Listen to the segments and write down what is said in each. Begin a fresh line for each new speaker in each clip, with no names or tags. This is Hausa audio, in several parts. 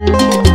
you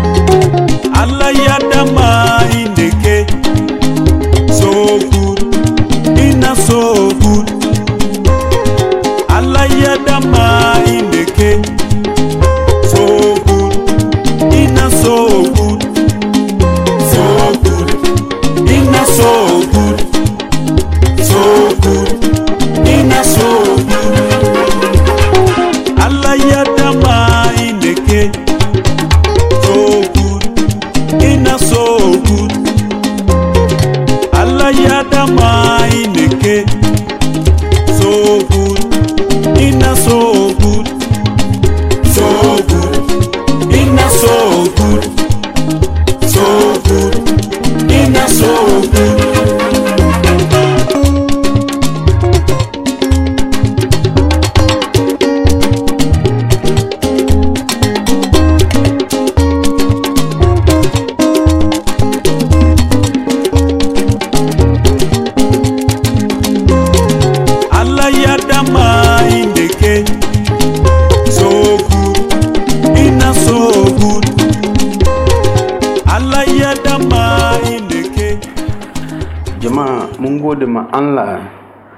Allah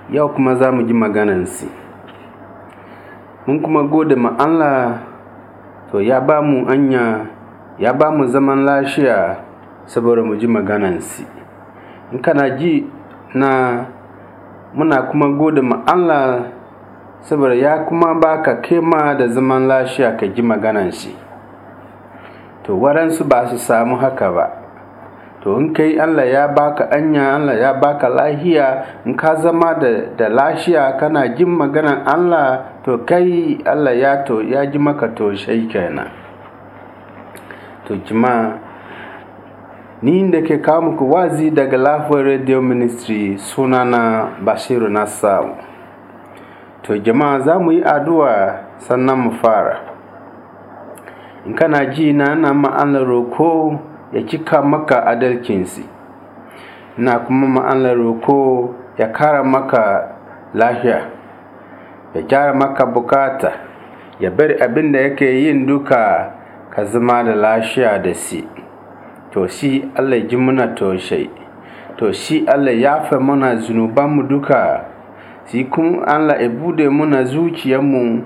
yau kuma za mu ji maganansi. Mun kuma gode ma Allah to ya ba mu anya ya ba mu zaman lashiya saboda mu ji maganansi. In kana ji na muna kuma gode ma Allah saboda ya kuma ba ka kema da zaman lashiya ka ji magananshi. To waransu ba su samu haka ba. to in kai Allah ya baka anya Allah ya baka lahiya in ka zama da da lafiya kana jin maganan Allah to kai Allah ya to ya ji maka to shai kenan to jima ni da ke kawo muku wazi daga Lafiyar Radio Ministry sunana Bashiru Nassau to jima za mu yi addu'a sannan mu fara in kana ji na ana ma'anar roko ya cika maka adalcinsi na kuma ma'anar roko ya kara maka lafiya ya gyara maka bukata ya bar abin da yake yin duka ka zama da lafiya da si to shi allah ji muna toshai to shi allah ya fa muna zunubanmu duka shi kun allah ya bude muna zuciyarmu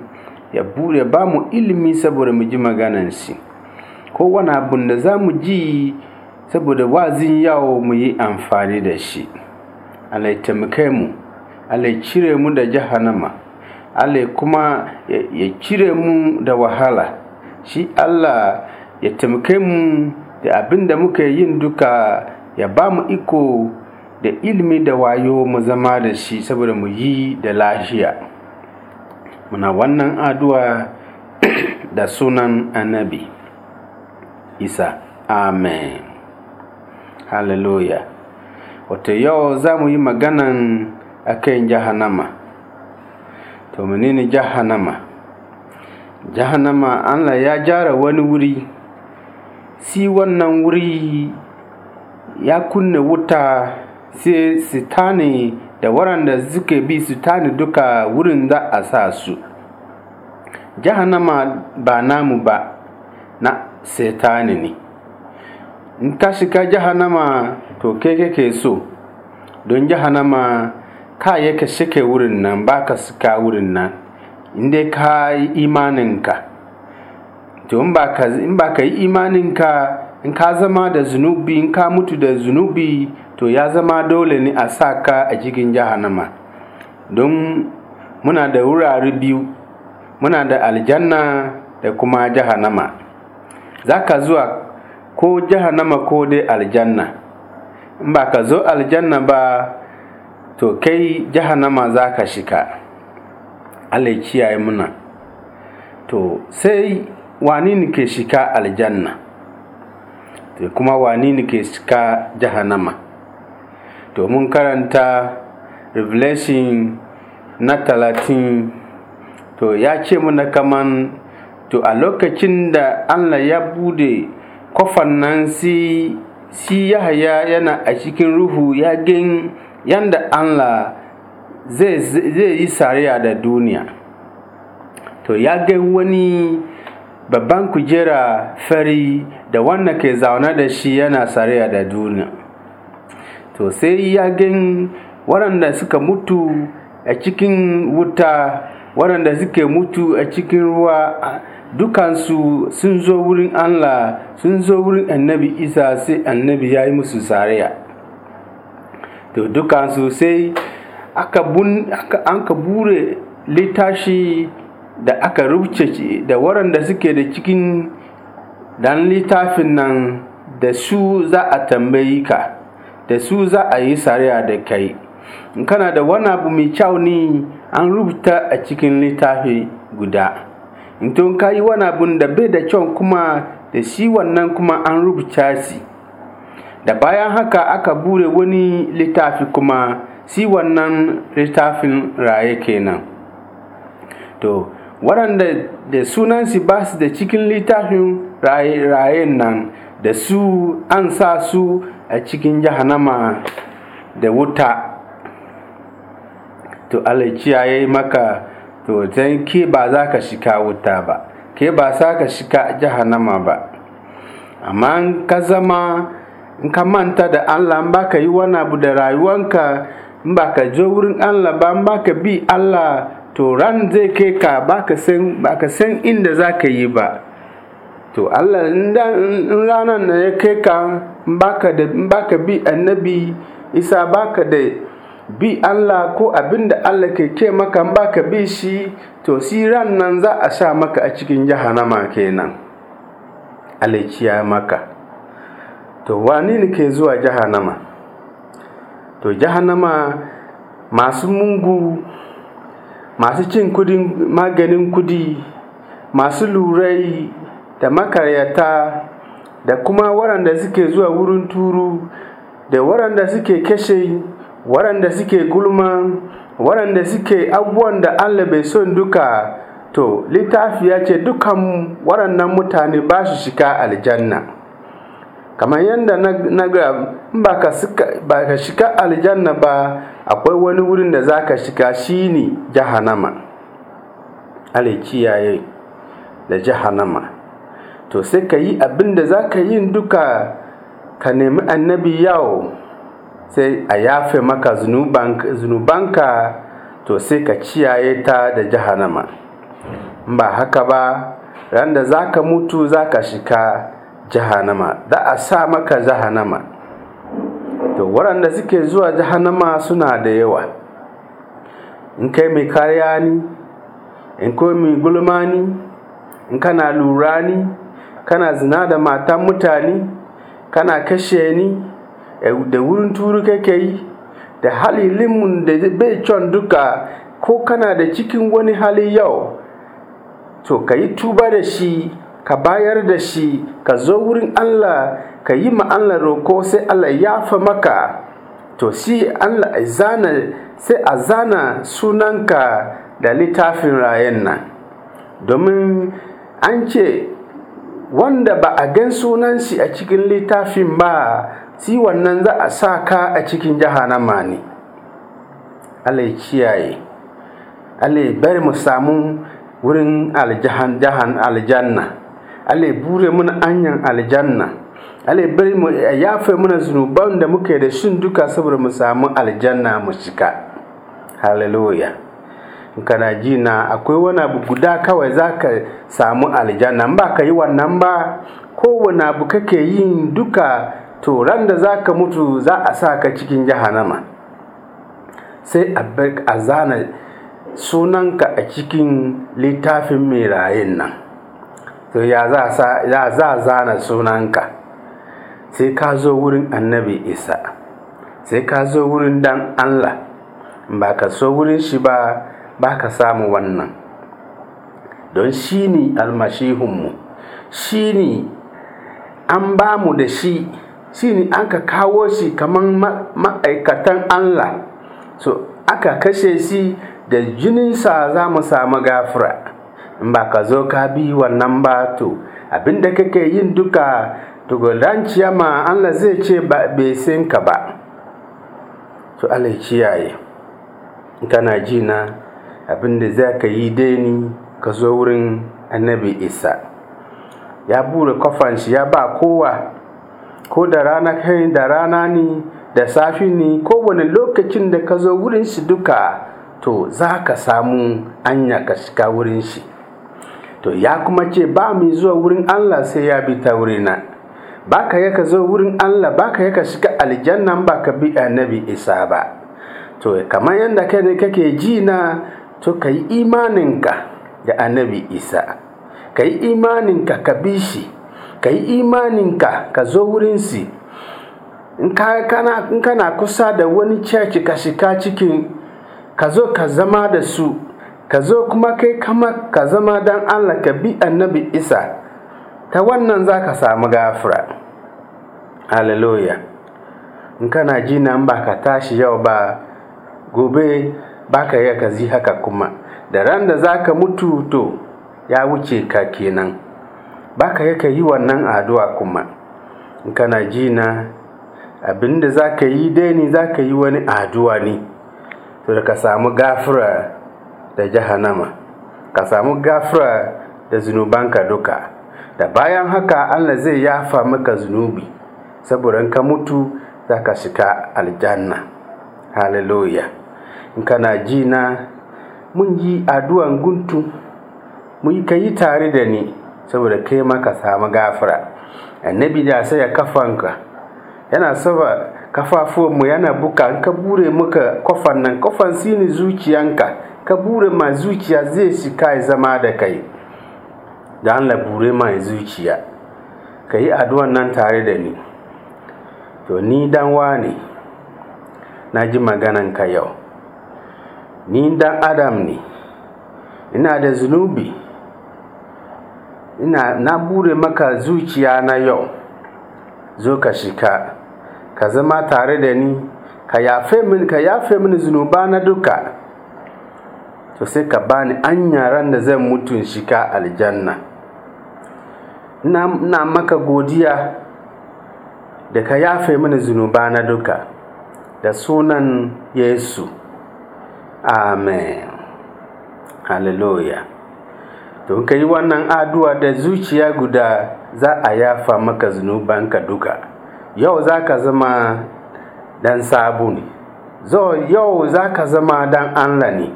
ya bude ba mu ilimi saboda mu ji maganansi ko wani abin da za mu ji saboda wazin yawo mu yi amfani da shi alai ya mu alai cire mu da jahannama alai kuma ya cire mu da wahala shi Allah ya taimaka mu da abin da muka yin duka ya ba mu iko da ilimi da wayo mu zama da shi saboda mu yi da lafiya muna wannan addu'a da sunan annabi isa amen hallelujah wata yau za mu yi maganan akan jahannama to menene jahannama jahannama allah ya jara wani wuri si wannan wuri ya kunna wuta sai sitani da waranda suke bi sitani duka wurin za a sa su jahannama ba namu ba na setani ne in ka shiga jahannama to ke kake so don jahannama ka yi ka shike wurin nan ba ka suka wurin nan inda ka yi imaninka to in ba ka yi imaninka in ka zama da zunubi in ka mutu da zunubi to ya zama dole ne a sa ka a jigin jahannama don muna da wurare biyu muna da aljanna da kuma jahannama za ka zuwa ko jahannama ko dai aljanna in ba ka zo aljanna ba to kai jahannama za ka shika allah kiyaye muna to sai wani ne ke shika aljanna to kuma wani ne ke shika jahannama to mun karanta revelation na talatin to ya ce muna kaman to a lokacin da Allah ya bude kofan nan si si Yahaya yana a cikin ruhu ya gin yanda Allah zai yi sariya da duniya to ya ga wani babban kujera fari da wannan ke zaune da shi yana sariya da duniya to sai ya gin waɗanda suka mutu a cikin wuta waɗanda suke mutu a cikin ruwa dukansu sun zo wurin Allah sun zo wurin annabi isa sai annabi ya yi musu tsariya to dukansu sai aka an ka bure littashi da aka rubuce da waranda suke da cikin dan littafin nan da su za a tambayi ka da su za a yi sariya da kai in kana da wani abu mai kyau ne an rubuta a cikin littafi guda tun ka yi wani abun da bai da kyau kuma da shi wannan kuma an rubuta shi da bayan haka aka bure wani littafi kuma shi wannan littafin raye kenan to waɗanda da shi ba su da cikin littafin raye nan da su an sa su a cikin jahannama da wuta to Allah ya yi maka to can ke ba za ka shika wuta ba ke ba za ka shika jahannama ba amma in ka zama in ka manta da allah in ba ka yi wani abu da rayuwanka in ba ka je wurin allah ba ba ka bi allah to ran zai kai ka ba ka san inda za ka yi ba to allah in ranar na ya kai ka in ba ka bi annabi isa ba ka da bi Allah ko abin da Allah ke ce maka ba ka bi shi to si ran nan za a sa maka a cikin jahannama kenan aliciya maka to wani ne ke zuwa jahannama to jahannama masu mungu masu cin kudin maganin kudi masu lurai da makaryata da kuma waɗanda suke zuwa wurin turu da waɗanda suke kashe waɗanda suke gulma waɗanda suke abubuwan da Allah bai son duka to littafi ce dukan waɗannan mutane ba su shiga aljanna kamar yadda na ga ba ka shiga aljanna ba akwai wani wurin da za ka shiga shi ne jahannama ale kiyaye da jahannama to sai ka yi abin da za ka yi duka ka nemi annabi yawo sai a yafe maka zunubanka to sai ka ciyaye ta da jahannama ba haka ba ran da za ka mutu za ka shika jahannama da a sa maka jahannama to waɗanda suke zuwa jahannama suna da yawa in kai mai kariya ni in kai mai gulma ni in kana lura ni kana zina da matan mutane kana kashe ni E, da wurin turu kake yi da hali limun da bai can duka ko kana da cikin wani hali yau to ka yi tuba da shi ka bayar da shi ka zo wurin Allah ka yi ma roko sai Allah ya fa maka to si Allah sai a zana sunanka da littafin rayan nan domin an ce wanda ba a gan sunan shi a cikin littafin ba si wannan za a sa ka a cikin jahannama ne Allah ya kiyaye Allah ya bari mu samu wurin aljahan jahan aljanna Allah ya bure mana anyan aljanna Allah ya bari mu yafe mana zunuban da muke da shin duka saboda mu samu aljanna mu cika. hallelujah kana ji na akwai wani abu guda kawai za ka samu aljanna ba ka yi wannan ba kowane abu kake yin duka to ran da za ka mutu za a sa ka cikin jahannama sai a zana sunanka a cikin littafin mai rayun nan to ya za a zana sunanka sai ka zo wurin annabi isa sai ka zo wurin dan allah ba ka so wurin shi ba ba ka samu wannan don shi ne almashihunmu shi ne an ba mu da shi shi an ka kawo shi kamar ma'aikatan Allah so aka kashe shi da jininsa za mu samu gafira in ba ka zo ka bi wannan ba to abinda kake yin duka tugudanciya ma Allah zai ce bai san ka ba to Allah kiyaye kana ji na abinda za ka yi daini ka zo wurin annabi isa ya bure kofan shi ya ba kowa ko da rana kai da rana ne da safi ne wani lokacin da ka zo wurin shi duka to za ka samu anya ka shiga wurin shi to ya kuma ce ba mu zuwa wurin Allah sai ya bi ta wurina ba ka ka zo wurin Allah ba ka ka shiga aljannan ba ka bi annabi isa ba to kamar yadda kai ne kake ji na to ka yi imaninka da annabi isa ka yi imaninka ka bi shi ka yi imaninka ka zo wurinsi, in kana kusa da wani church ka shika cikin ka zo ka zama da su ka zo kuma kai kama ka zama don Allah ka bi annabi isa ta wannan za ka samu gafira hallelujah in kana ji nan ba ka tashi yau ba gobe ba ka yi ka zi haka kuma da ran da za ka mutu to ya wuce ka kenan. baka yake yi wannan addu'a kuma in kana ji na abinda zaka yi dai ne za yi wani addu'a ne to da ka samu gafura da jahannama ka samu gafura da zunubanka duka da bayan haka Allah zai yafa maka zunubi saboda ka mutu za ka shiga aljanna hallelujah in kana ji na mun yi addu'an guntu mun yi tare da ni saboda kai ma ka samu gafara annabi da sai ya kafanka yana saba mu yana buka an ka bure muka kofan nan kofan sini zuciyanka ka bure ma zuciya zai shika ya zama da kai da an bure ma zuciya ka yi addu'an nan tare da ni to ni dan wane na ji ka yau ni dan adam ne ina da zunubi ina na bure maka zuciya na yau zo ka shika ka zama tare da ni ka yafe min ka yafe min zunuba na duka to sai ka bani an yaran da zan mutun shika aljanna ina na maka godiya da ka yafe min zunuba na duka da sunan yesu amen hallelujah to in ka yi wannan addu'a da zuciya guda za a yafa maka zunubanka duka yau za ka zama dan sabu ne yau za ka zama dan Allah ne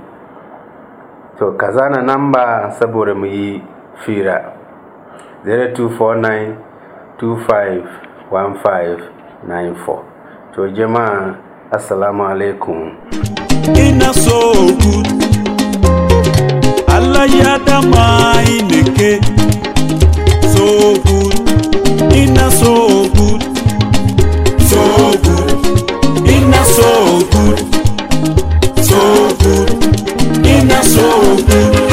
to ka zana namba saboda mu yi fira 0249251594 to jama'a assalamu alaikum
ina so good ya dama ineke so good ina so good so good ina so good so good ina so good.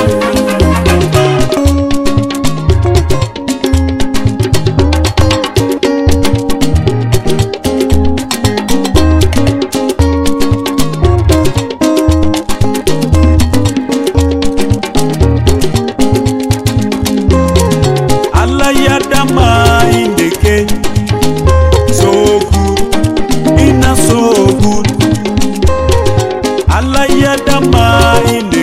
binadamu ini